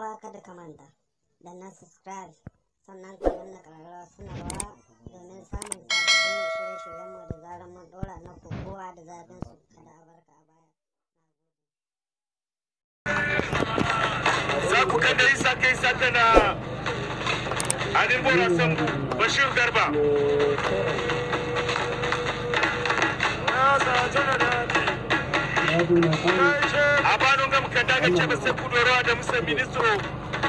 uwa kada ka manta da na subscribe sannan ka danna ƙararrawa sanarwa domin samun sabbin shirye-shiryenmu da zarar mun ɗora na kowa da zafin su kada a barka a baya. Za ku kan da isa kai sallana Bashir Garba. Na sa jana da ke. mukanda ga ce basa kudoro da musa ministro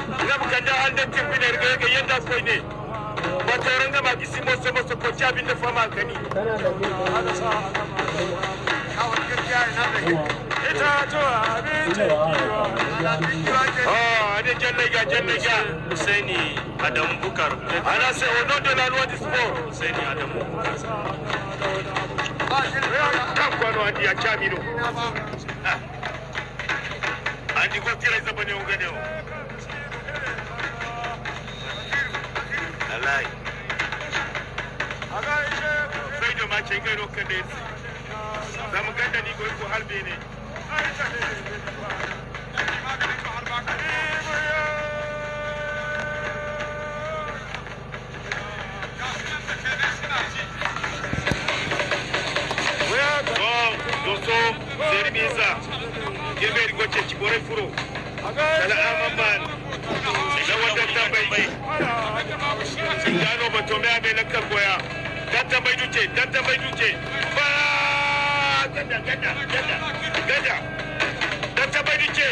na mukanda an da tin binar ga ga yanda so ne ba ta ranga ma kisi mo so so ko ci abin da fama gani ita to abin ta oh ah, ade jalle ga jalle ga Husaini Adamu Bukar ana sai ono de la loi du sport Husaini Adamu kan kwano hadi andikwatira isabani yaunganewo alai sai da mace kai rokan da yasi za mu ganda ni goyi ko harbe ne yemeri gocceci ɓore furo kala amaman lawan dattambay ganoɓa tome aɓe lakkal goya dattambay duce dattambay duce fa gada gada gada gada dattambay duce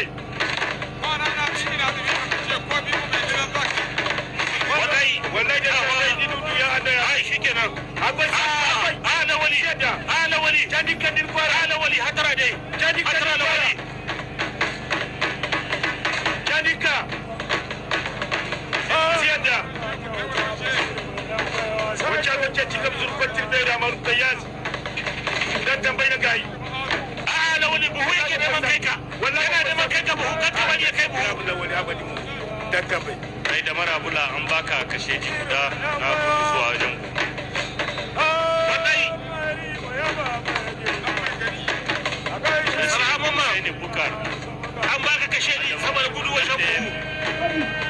wallahi wallahi da wallahi dinu duya adaya ai shikenan akwai ana wali ana wali tadi kadir fara ana wali hatara dai tadi kadir da cikin zurfatin da da maru kayyas dan tambayi na gayi a ala wani buhu yake neman kai ka wallahi yana neman kai ka buhu kan kamar ya kai buhu da wani abadi mu tambayi kai da marabula an baka kashe ji guda na kuma zuwa wajen wallahi an baka kashe ji saboda wajen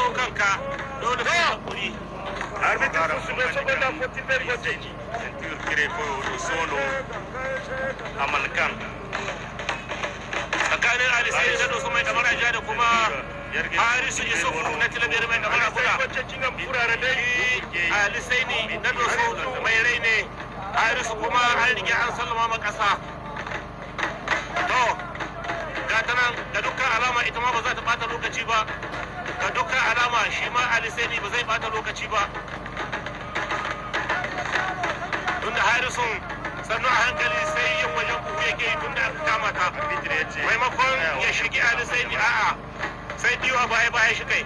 taso kanka dole sai hakuri solo tsakanin alisai da dosu mai da kuma harisu na tilabiyar mai alisai ne na dosu mai rai ne harisu kuma rige an kasa to ga ta nan da dukkan alama ita ma ba za ta bata lokaci ba ga dukkan alama shi ma alisani ba zai bata lokaci ba tunda harrison sannu a hankali sai yin wajen kuku yake yi tunda kama ta maimakon ya shige alisani a'a sai diwa baya baya shi kai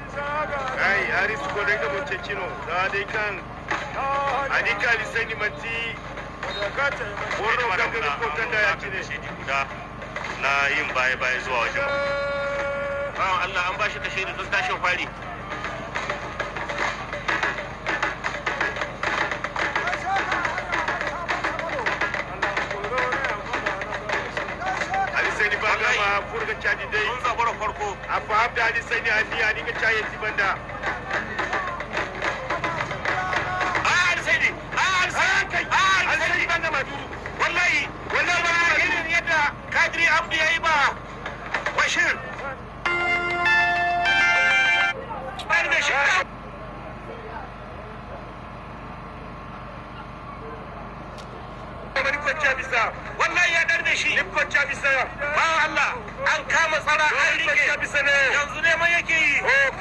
ai haris ko dai ga kino da dai kan adika alisani mati wannan da ya na yin baya baya zuwa wajen bawan Allah an ba shi kashe tun tashin fari ma furga caji dai mun zabara farko a fahab da hadis sai ne a biya ni ga caye ti banda a sai ne a sai kai a sai ne banda ma dudu wallahi wallahi ba yadda kadiri abdu yayi ba bashir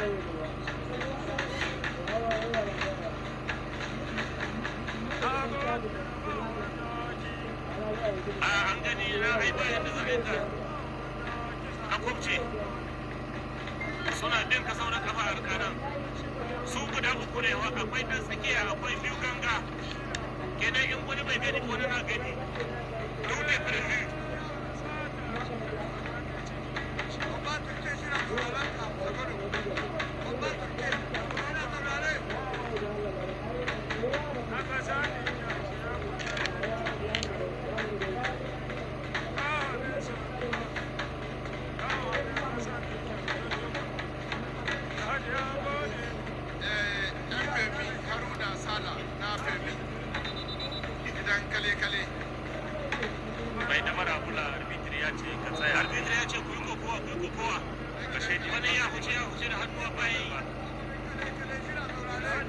an gani ya haiba yadda za a yi ta a bin kafa su akwai dan akwai biyu ganga kenan in wani bai gani gani dole Thank you. dan kale kale mai damara bula arbitri ya ce ka tsaya arbitri ya ce ku yi kokowa ku yi kokowa wani ya huce ya huce da hannuwa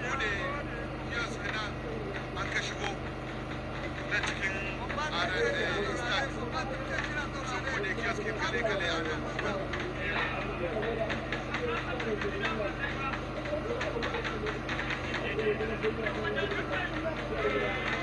bude yos an ka shigo na cikin sun bude kale kale a nan Thank you.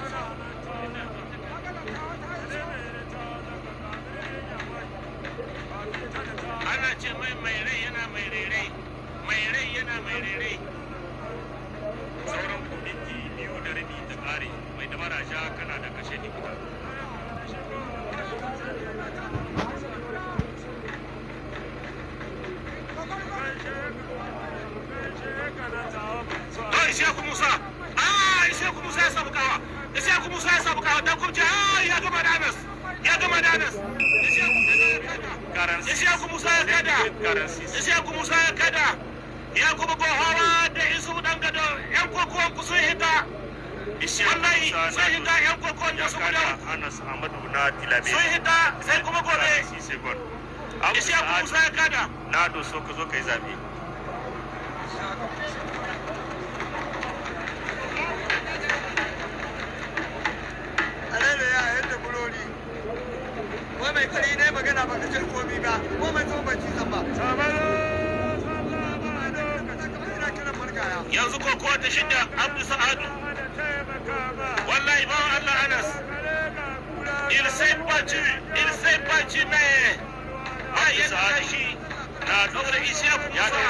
ana ce mai rai yana rai yana mai biyu da rabi dabara sha kana da kashe ni Ishaku Musa ya kada. Ishaku Musa ya kada. Yakubu Gohawa da Isu dan gado yan kokon ku sun hita. Wallahi sun hita yan kokon da su Anas Ahmadu na Tilabe. Sun hita sai kuma gobe. Musa ya kada. Na ka zo zabe. Alele ya yadda bulori. wai mai fari ne magana ba ka ce ba mai tsohon yanzu ko kowa ta shida abdu sa'adu wallahi ba Allah anas il baci il baci ne ba ya tashi na dora isiya ya